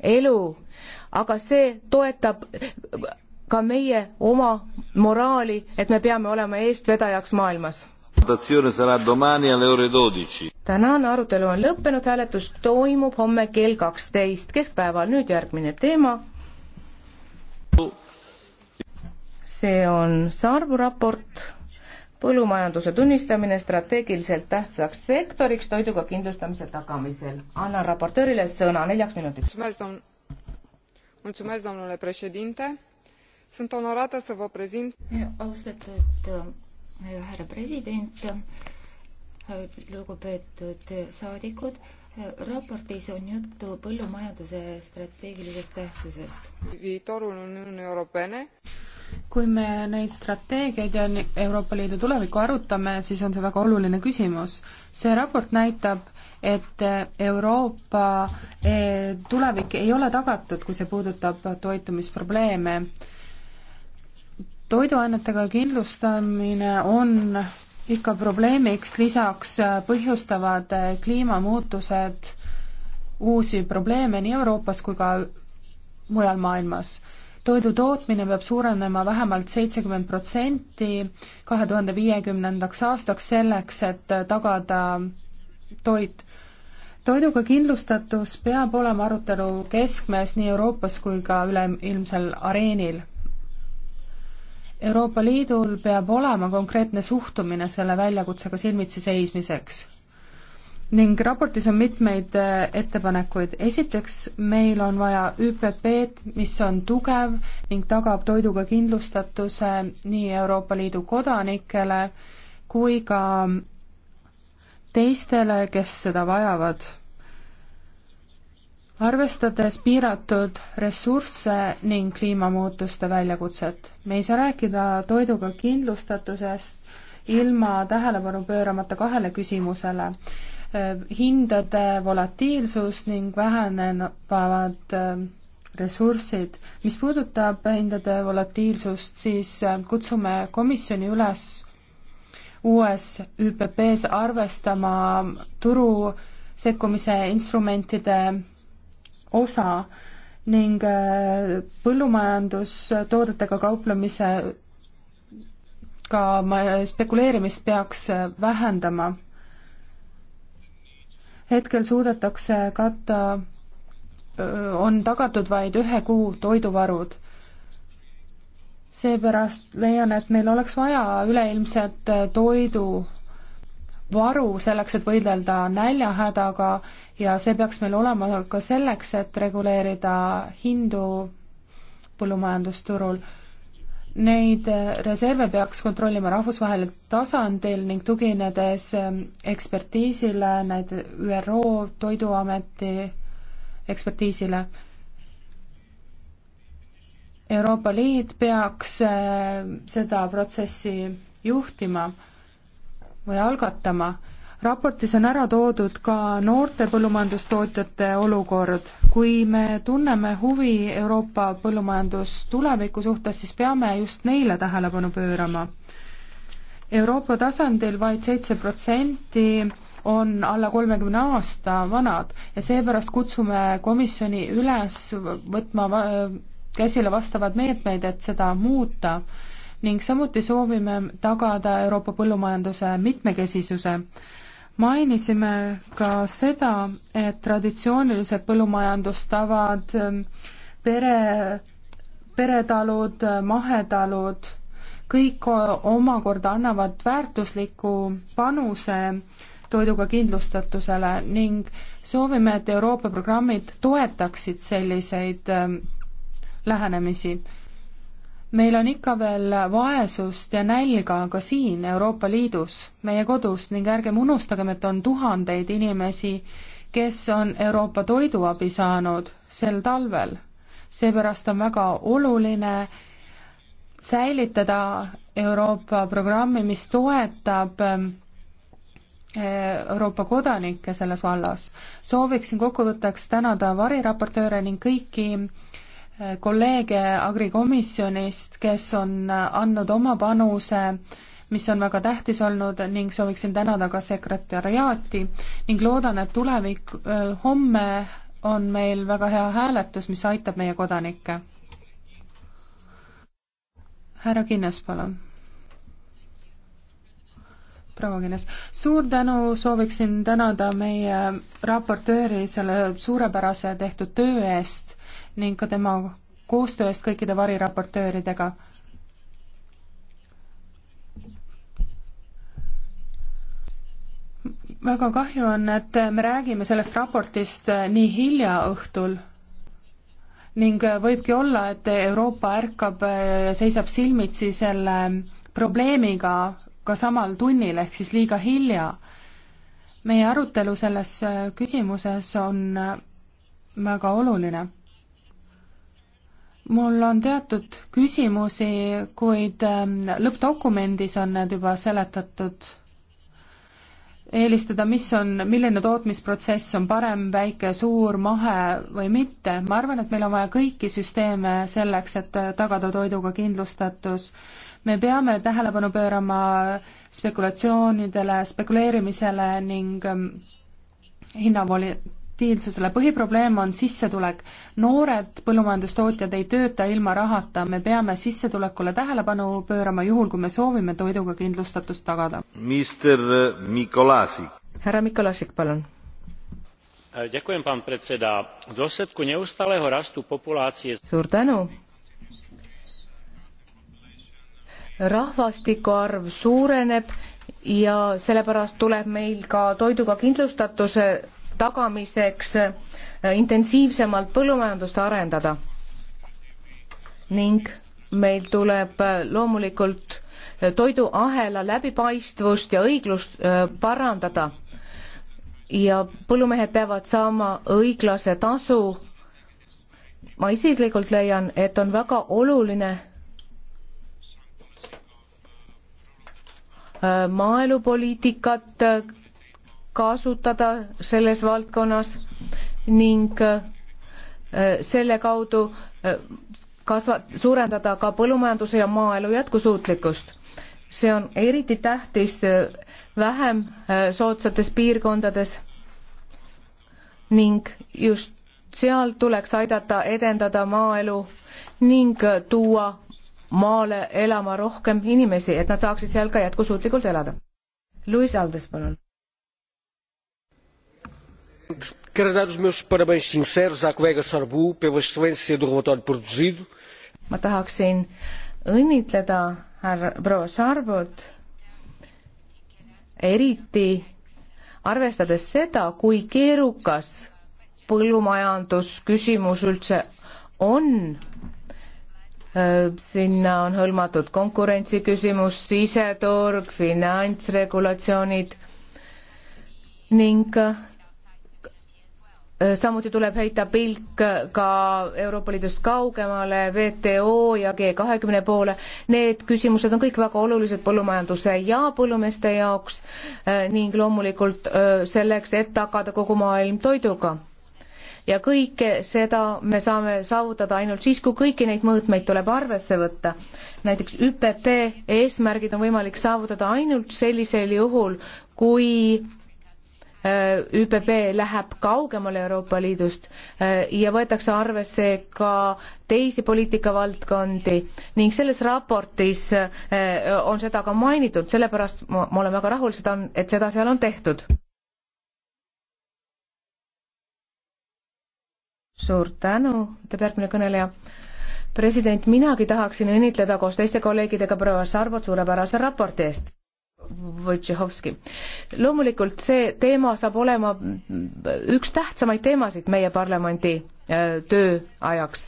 elu, aga see toetab ka meie oma moraali, et me peame olema eestvedajaks maailmas. tänane arutelu on lõppenud, hääletus toimub homme kell kaksteist keskpäeval, nüüd järgmine teema. see on Sarbu raport põllumajanduse tunnistamine strateegiliselt tähtsaks sektoriks toiduga kindlustamise tagamisel. annan raportöörile sõna neljaks minutiks. sunt onorată să vă prezint austatud äh, härra president, äh, lugupeetud saadikud, äh, raportis on juttu põllumajanduse strateegilisest tähtsusest kui me neid strateegiaid ja Euroopa Liidu tulevikku arutame, siis on see väga oluline küsimus. see raport näitab, et Euroopa eh, tulevik ei ole tagatud, kui see puudutab toitumisprobleeme. toiduainetega kindlustamine on ikka probleemiks, lisaks eh, põhjustavad eh, kliimamuutused uusi probleeme nii Euroopas kui ka mujal maailmas toidu tootmine peab suurenema vähemalt seitsekümmend protsenti kahe tuhande viiekümnendaks aastaks selleks, et tagada toit. toiduga kindlustatus peab olema arutelu keskmes nii Euroopas kui ka üleilmsel areenil. Euroopa Liidul peab olema konkreetne suhtumine selle väljakutsega silmitsi seismiseks ning raportis on mitmeid äh, ettepanekuid. esiteks, meil on vaja ÜPP-d, mis on tugev ning tagab toiduga kindlustatuse nii Euroopa Liidu kodanikele kui ka teistele, kes seda vajavad. arvestades piiratud ressursse ning kliimamuutuste väljakutset, me ei saa rääkida toiduga kindlustatusest ilma tähelepanu pööramata kahele küsimusele Äh, hindade volatiilsus ning vähenevad äh, ressursid. mis puudutab hindade volatiilsust, siis äh, kutsume komisjoni üles uues ÜPP-s arvestama turu sekkumise instrumentide osa ning põllumajandustoodetega kauplemise ka spekuleerimist peaks vähendama hetkel suudetakse katta, on tagatud vaid ühe kuu toiduvarud. seepärast leian, et meil oleks vaja üleilmset toiduvaru selleks, et võidelda näljahädaga ja see peaks meil olema ka selleks, et reguleerida hindu põllumajandusturul Neid äh, reserve peaks kontrollima rahvusvahelisel tasandil ning tuginedes ähm, ekspertiisile, näid ÜRO Toiduameti ekspertiisile. Euroopa Liit peaks äh, seda protsessi juhtima või algatama raportis on ära toodud ka noorte põllumajandustootjate olukord. kui me tunneme huvi Euroopa põllumajandustuleviku suhtes, siis peame just neile tähelepanu pöörama. Euroopa tasandil vaid seitse protsenti on alla kolmekümne aasta vanad ja seepärast kutsume komisjoni üles võtma käsile vastavad meetmeid, et seda muuta ning samuti soovime tagada Euroopa põllumajanduse mitmekesisuse mainisime ka seda, et traditsioonilised põllumajandustavad, ähm, pere, peretalud, äh, mahetalud, kõik omakorda annavad väärtusliku panuse toiduga kindlustatusele ning soovime, et Euroopa programmid toetaksid selliseid ähm, lähenemisi meil on ikka veel vaesust ja nälga ka siin Euroopa Liidus, meie kodus ning ärgem unustagem, et on tuhandeid inimesi, kes on Euroopa toiduabi saanud sel talvel. seepärast on väga oluline säilitada Euroopa programmi, mis toetab ähm, Euroopa kodanikke selles vallas. sooviksin kokkuvõtteks tänada variraportööre ning kõiki äh, kolleege agrikomisjonist, kes on andnud oma panuse, mis on väga tähtis olnud ning sooviksin tänada ka sekretäriaati ning loodan, et tulevik, homme on meil väga hea hääletus, mis aitab meie kodanikke. härra Kinnes, palun proua Kines, suur tänu, sooviksin tänada meie raportööri selle suurepärase tehtud töö eest ning ka tema koostöö eest kõikide variraportööridega väga kahju on, et me räägime sellest raportist nii hilja õhtul ning võibki olla, et Euroopa ärkab ja seisab silmitsi selle probleemiga, ka samal tunnil ehk siis liiga hilja. meie arutelu selles äh, küsimuses on äh, väga oluline. mul on teatud küsimusi, kuid ähm, lõppdokumendis on need juba seletatud eelistada, mis on, milline tootmisprotsess on parem, väike, suur, mahe või mitte, ma arvan, et meil on vaja kõiki süsteeme selleks, et äh, tagada toiduga kindlustatus me peame tähelepanu pöörama spekulatsioonidele, spekuleerimisele ning ähm, hinnavolitiilsusele. põhiprobleem on sissetulek. noored põllumajandustootjad ei tööta ilma rahata, me peame sissetulekule tähelepanu pöörama, juhul kui me soovime toiduga kindlustatust tagada. minister äh, Mikolasik. härra Mikolasik, palun äh, v dôsledku neustáleho rastu populácie. rahvastiku arv suureneb ja sellepärast tuleb meil ka toiduga kindlustatuse tagamiseks äh, intensiivsemalt põllumajandust arendada. ning meil tuleb äh, loomulikult äh, toiduahela läbipaistvust ja õiglust parandada. ja põllumehed peavad saama õiglase tasu. ma isiklikult leian, et on väga oluline Äh, maaelupoliitikat äh, kasutada selles valdkonnas ning äh, selle kaudu kasva-, suurendada ka põllumajanduse ja maaelu jätkusuutlikkust. see on eriti tähtis vähem soodsates piirkondades ning just seal tuleks aidata edendada maaelu ning tuua maale elama rohkem inimesi, et nad saaksid seal ka jätkusuutlikult elada. Luis Aldes, palun. Quero dar os meus parabéns sinceros à colega Sorbu pela excelência do relatório produzido. ma tahaksin õnnitleda härra proua Sarbut, eriti arvestades seda, kui keerukas põllumajandusküsimus üldse on Äh, sinna on hõlmatud konkurentsiküsimus, siseturg, finantsregulatsioonid ning äh, samuti tuleb heita pilk ka Euroopa Liidust kaugemale, WTO ja G kahekümne poole. Need küsimused on kõik väga olulised põllumajanduse ja põllumeeste jaoks äh, ning loomulikult selleks, et tagada kogu maailm toiduga ja kõike seda me saame saavutada ainult siis, kui kõiki neid mõõtmeid tuleb arvesse võtta. näiteks ÜPP eesmärgid on võimalik saavutada ainult sellisel juhul, kui äh, ÜPP läheb kaugemale Euroopa Liidust äh, ja võetakse arvesse ka teisi poliitikavaldkondi ning selles raportis äh, on seda ka mainitud, sellepärast ma, ma olen väga rahul, seda on, et seda seal on tehtud. suur tänu, ütleb järgmine kõneleja. president, minagi tahaksin õnnitleda koos teiste kolleegidega proua Sarvot suurepärase raporti eest. Wojciechowski. loomulikult see teema saab olema üks tähtsamaid teemasid meie parlamendi äh, töö ajaks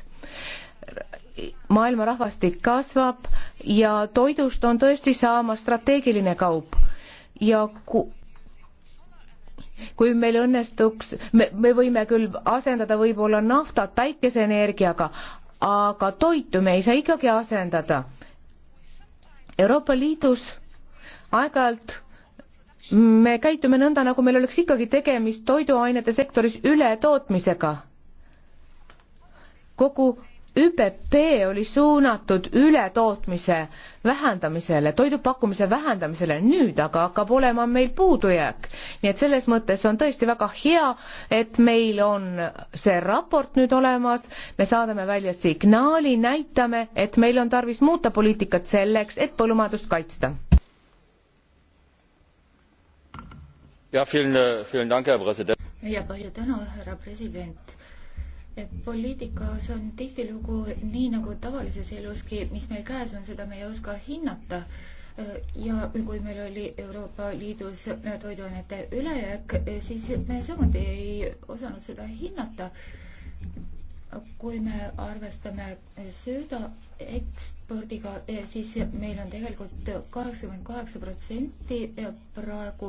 maailma rahvastik kasvab ja toidust on tõesti saama strateegiline kaup ja ku, kui meil õnnestuks, me, me võime küll asendada võib-olla naftat päikeseenergiaga, aga toitu me ei saa ikkagi asendada. Euroopa Liidus aeg-ajalt me käitume nõnda, nagu meil oleks ikkagi tegemist toiduainete sektoris ületootmisega. kogu ÜPP oli suunatud ületootmise vähendamisele, toidupakkumise vähendamisele, nüüd aga hakkab olema meil puudujääk. nii et selles mõttes on tõesti väga hea, et meil on see raport nüüd olemas, me saadame välja signaali, näitame, et meil on tarvis muuta poliitikat selleks, et põllumajandust kaitsta. ja, ja palju tänu, härra president poliitikas on tihtilugu nii nagu tavalises eluski, mis meil käes on, seda me ei oska hinnata. ja kui meil oli Euroopa Liidus toiduainete ülejääk, siis me samuti ei osanud seda hinnata kui me arvestame sööda ekspordiga, eh, siis meil on tegelikult kaheksakümmend kaheksa protsenti praegu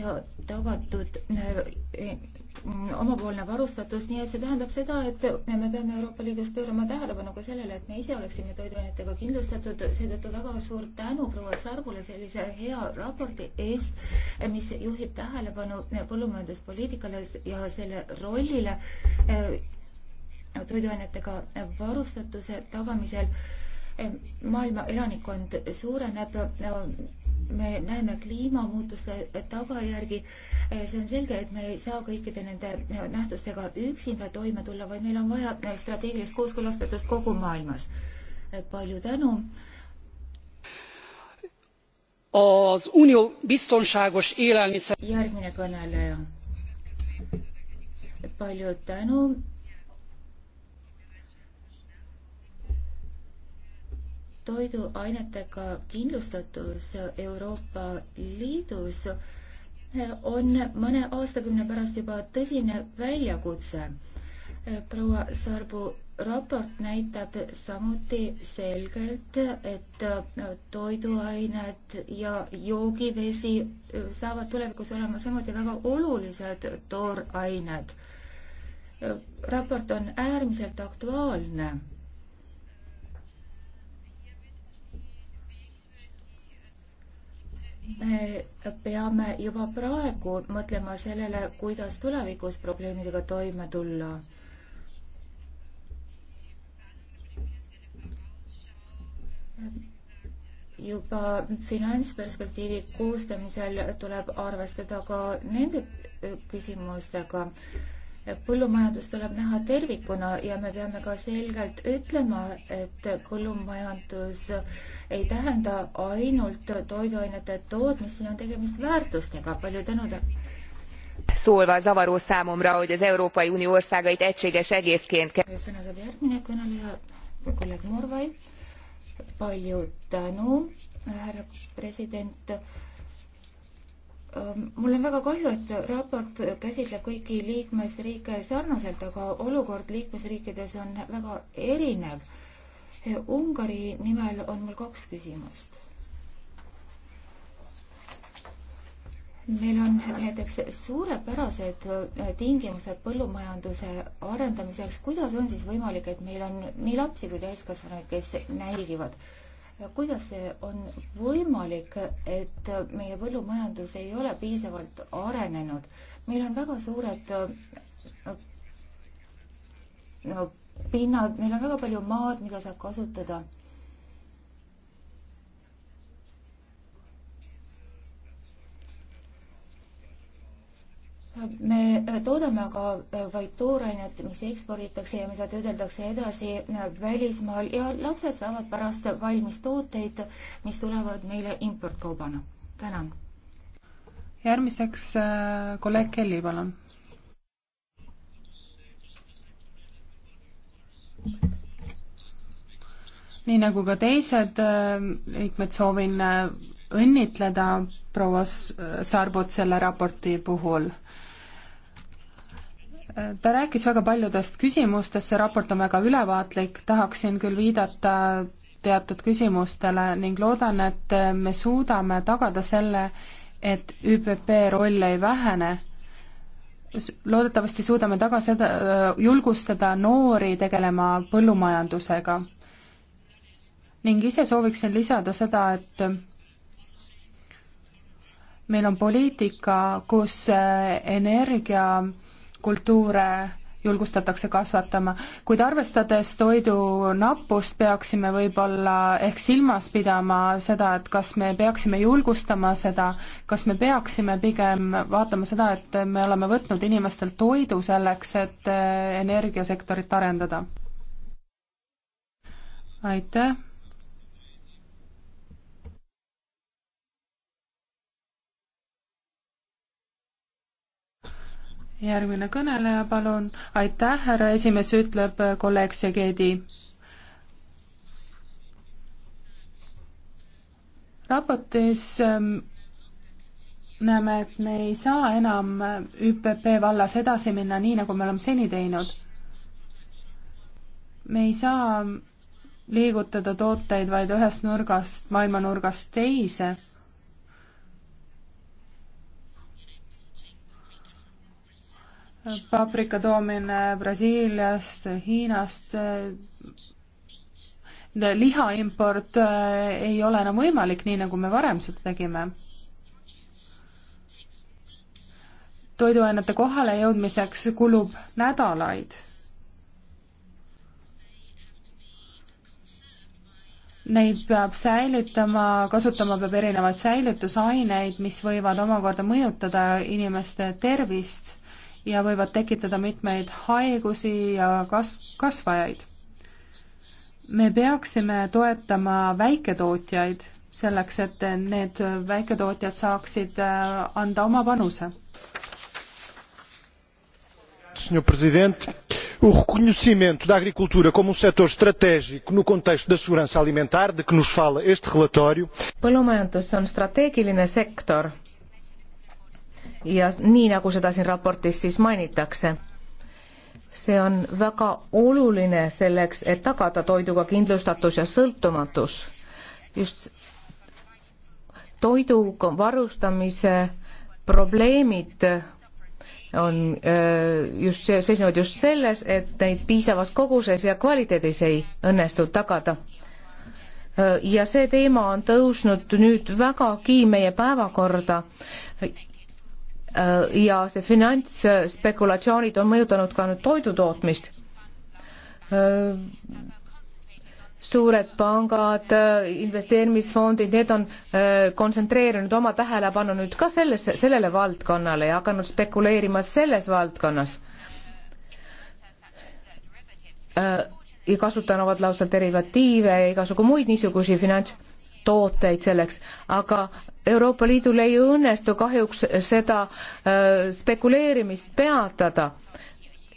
eh, tagatud eh, omapoolne varustatus, nii et see tähendab seda, et me peame Euroopa Liidus pöörama tähelepanu ka sellele, et me ise oleksime toiduainetega kindlustatud, seetõttu väga suur tänu proua Sarvule sellise hea raporti eest, mis juhib tähelepanu põllumajanduspoliitikale ja selle rollile toiduainetega varustatuse tagamisel maailma elanikkond suureneb, me näeme kliimamuutuste tagajärgi. see on selge, et me ei saa kõikide nende nähtustega üksinda toime tulla, vaid meil on vaja strateegilist kooskõlastatust kogu maailmas. palju tänu. järgmine kõneleja. palju tänu toiduainetega kindlustatus Euroopa Liidus on mõne aastakümne pärast juba tõsine väljakutse. proua Sarbu raport näitab samuti selgelt, et toiduained ja joogivesi saavad tulevikus olema samuti väga olulised toorained. raport on äärmiselt aktuaalne me peame juba praegu mõtlema sellele, kuidas tulevikus probleemidega toime tulla. juba finantsperspektiivi koostamisel tuleb arvestada ka nende küsimustega põllumajandus tuleb näha tervikuna ja me peame ka selgelt ütlema, et põllumajandus ei tähenda ainult toiduainete tootmist, siin on tegemist väärtustega. palju tänu teile! szólva zavaró számomra hogy az európai unió országait egységes egészként kell palju tänu, härra president mul on väga kahju, et raport käsitleb kõiki liikmesriike sarnaselt, aga olukord liikmesriikides on väga erinev. Ungari nimel on mul kaks küsimust. meil on näiteks suurepärased tingimused põllumajanduse arendamiseks. kuidas on siis võimalik, et meil on nii lapsi kui täiskasvanuid, kes nälgivad? kuidas see on võimalik, et meie põllumajandus ei ole piisavalt arenenud? meil on väga suured no, pinnad, meil on väga palju maad, mida saab kasutada me äh, toodame aga äh, vaid toorainet, mis eksporditakse ja mida töödeldakse edasi äh, välismaal ja lapsed saavad pärast valmis tooteid, mis tulevad meile importkaubana. tänan. järgmiseks kolleeg Kelly, palun. nii nagu ka teised liikmed, soovin õnnitleda proua Sarbot selle raporti puhul ta rääkis väga paljudest küsimustest, see raport on väga ülevaatlik, tahaksin küll viidata teatud küsimustele ning loodan, et me suudame tagada selle, et ÜPP roll ei vähene. loodetavasti suudame taga seda, julgustada noori tegelema põllumajandusega. ning ise sooviksin lisada seda, et meil on poliitika, kus energia kultuure julgustatakse kasvatama, kuid arvestades toidu nappust, peaksime võib-olla ehk silmas pidama seda, et kas me peaksime julgustama seda, kas me peaksime pigem vaatama seda, et me oleme võtnud inimestelt toidu selleks, et energiasektorit arendada. aitäh! järgmine kõneleja, palun. aitäh, härra esimees, ütleb äh, kolleeg Segedi. raportis ähm, näeme, et me ei saa enam äh, ÜPP vallas edasi minna nii, nagu me oleme seni teinud. me ei saa liigutada tooteid vaid ühest nurgast, maailmanurgast teise paprika toomine Brasiiliast, Hiinast, äh, liha import äh, ei ole enam võimalik, nii nagu me varem seda tegime. toiduainete kohale jõudmiseks kulub nädalaid. Neid peab säilitama, kasutama peab erinevaid säilitusaineid, mis võivad omakorda mõjutada inimeste tervist ja võivad tekitada mitmeid haigusi ja kas-, kasvajaid. me peaksime toetama väiketootjaid selleks, et need väiketootjad saaksid äh, anda oma panuse. Senhor Presidente, o reconhecimento da agricultura como um setor estratégico no contexto da segurança alimentar, de que nos fala este relatório. Põllumajandus on strateegiline sektor ja nii, nagu seda siin raportis siis mainitakse. see on väga oluline selleks, et tagada toiduga kindlustatus ja sõltumatus. just toiduga varustamise probleemid on äh, just, seisnevad just selles, et neid piisavas koguses ja kvaliteedis ei õnnestu tagada. Äh, ja see teema on tõusnud nüüd vägagi meie päevakorda Äh, ja see finantsspekulatsioonid on mõjutanud ka nüüd toidutootmist. Äh, suured pangad, investeerimisfondid, need on äh, kontsentreerinud oma tähelepanu nüüd ka sellesse, sellele valdkonnale ja hakanud spekuleerima selles valdkonnas. ja kasutanud lausa derivatiive ja igasugu muid niisugusi finants tooteid selleks, aga Euroopa Liidul ei õnnestu kahjuks seda äh, spekuleerimist peatada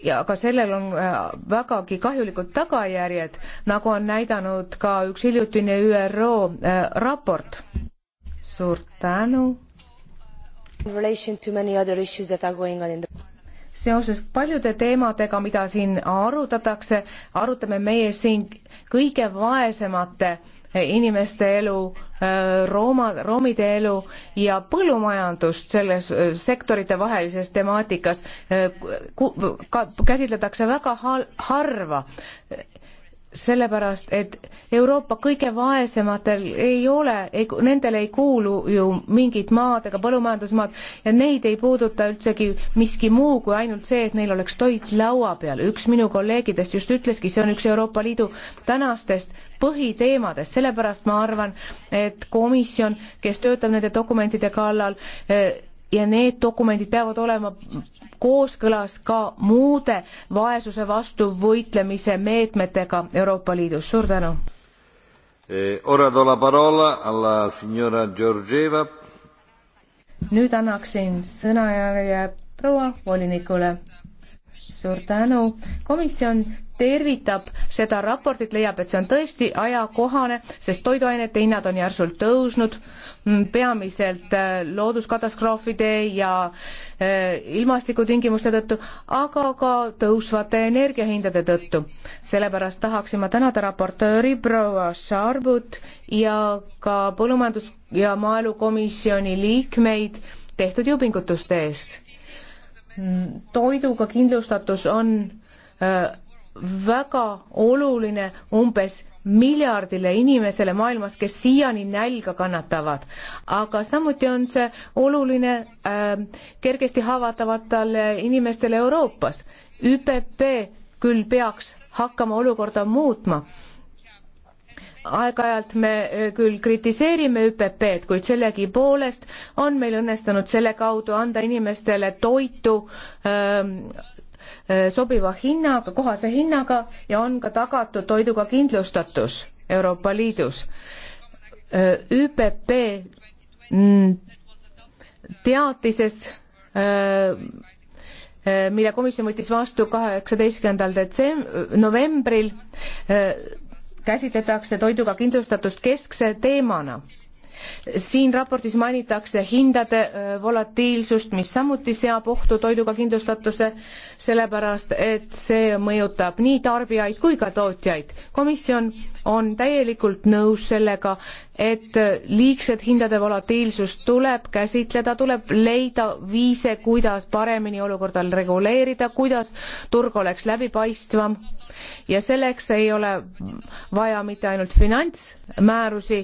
ja ka sellel on äh, vägagi kahjulikud tagajärjed, nagu on näidanud ka üks hiljutine ÜRO äh, raport. suur tänu. seoses paljude teemadega, mida siin arutatakse, arutame meie siin kõige vaesemate inimeste elu Äh, Rooma, roomide elu ja põllumajandust selles äh, sektorite vahelises temaatikas äh, käsitletakse väga harva sellepärast, et Euroopa kõige vaesematel ei ole, nendele ei kuulu ju mingit maad ega põllumajandusmaad ja neid ei puuduta üldsegi miski muu kui ainult see, et neil oleks toit laua peal. üks minu kolleegidest just ütleski, see on üks Euroopa Liidu tänastest põhiteemadest, sellepärast ma arvan, et komisjon, kes töötab nende dokumentide kallal, eh, ja need dokumendid peavad olema kooskõlas ka muude vaesuse vastu võitlemise meetmetega Euroopa Liidus. suur tänu. Eh, nüüd annaksin sõnajärje proua volinikule suur tänu. komisjon tervitab seda raportit, leiab, et see on tõesti ajakohane, sest toiduainete hinnad on järsult tõusnud, mm, peamiselt äh, looduskatastroofide ja äh, ilmastikutingimuste tõttu, aga ka tõusvate energiahindade tõttu. sellepärast tahaksin ma tänada raportööri proua Sarvut ja ka põllumajandus- ja maaelukomisjoni liikmeid tehtud jõupingutuste eest Mm, toiduga kindlustatus on äh, väga oluline umbes miljardile inimesele maailmas, kes siiani nälga kannatavad, aga samuti on see oluline äh, kergesti haavatavatele inimestele Euroopas. ÜPP küll peaks hakkama olukorda muutma aeg-ajalt me eh, küll kritiseerime ÜPP-d, kuid sellegipoolest on meil õnnestunud selle kaudu anda inimestele toitu ähm, äh, sobiva hinnaga, kohase hinnaga ja on ka tagatud toiduga kindlustatus Euroopa Liidus. Äh, ÜPP mm, teatises, äh, mille komisjon võttis vastu kaheksateistkümnendal detsemb-, novembril, käsitletakse toiduga kindlustatust keskse teemana siin raportis mainitakse hindade äh, volatiilsust, mis samuti seab ohtu toiduga kindlustatuse, sellepärast et see mõjutab nii tarbijaid kui ka tootjaid. komisjon on täielikult nõus sellega, et liigset hindade volatiilsust tuleb käsitleda, tuleb leida viise, kuidas paremini olukorda reguleerida, kuidas turg oleks läbipaistvam ja selleks ei ole vaja mitte ainult finantsmäärusi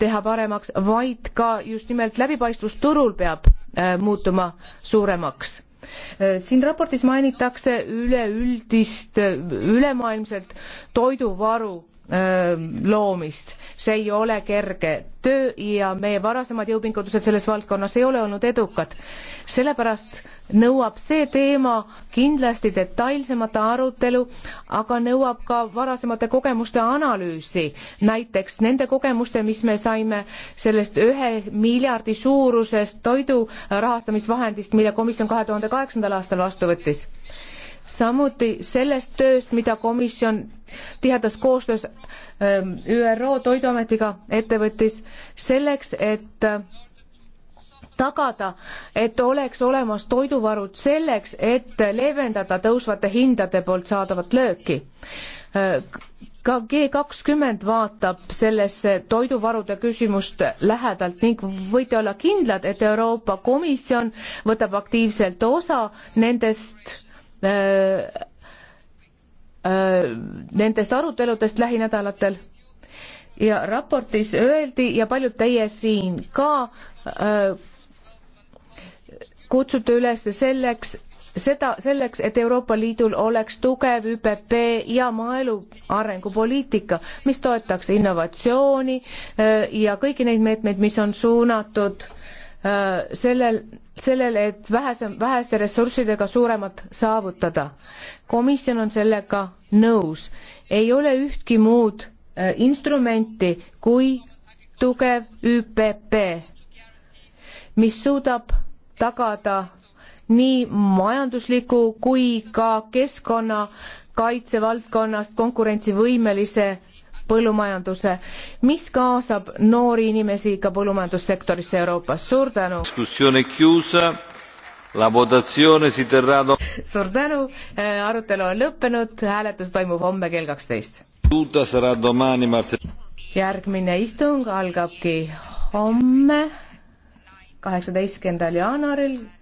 teha paremaks, vaid ka just nimelt läbipaistvus turul peab äh, muutuma suuremaks. Äh, siin raportis mainitakse üleüldist, äh, ülemaailmselt toiduvaru loomist. see ei ole kerge töö ja meie varasemad jõupingutused selles valdkonnas ei ole olnud edukad. sellepärast nõuab see teema kindlasti detailsemat arutelu, aga nõuab ka varasemate kogemuste analüüsi, näiteks nende kogemuste, mis me saime sellest ühe miljardi suurusest toidu rahastamisvahendist, mille komisjon kahe tuhande kaheksandal aastal vastu võttis samuti sellest tööst, mida komisjon tihedas koostöös ähm, ÜRO Toiduametiga ette võttis selleks, et äh, tagada, et oleks olemas toiduvarud selleks, et leevendada tõusvate hindade poolt saadavat lööki. Äh, ka G kakskümmend vaatab sellesse toiduvarude küsimust lähedalt ning võite olla kindlad, et Euroopa Komisjon võtab aktiivselt osa nendest Äh, äh, nendest aruteludest lähinädalatel ja raportis öeldi ja paljud teie siin ka äh, kutsute üles selleks, seda selleks, et Euroopa Liidul oleks tugev ÜPP ja maaelu arengupoliitika, mis toetaks innovatsiooni äh, ja kõiki neid meetmeid, mis on suunatud äh, sellel sellele, et vähese, väheste ressurssidega suuremat saavutada. komisjon on sellega nõus. ei ole ühtki muud äh, instrumenti kui tugev ÜPP, mis suudab tagada nii majandusliku kui ka keskkonnakaitse valdkonnast konkurentsivõimelise põllumajanduse, mis kaasab noori inimesi ka põllumajandussektorisse Euroopas. suur tänu! suur tänu, äh, arutelu on lõppenud, hääletus toimub homme kell kaksteist. järgmine istung algabki homme, kaheksateistkümnendal jaanuaril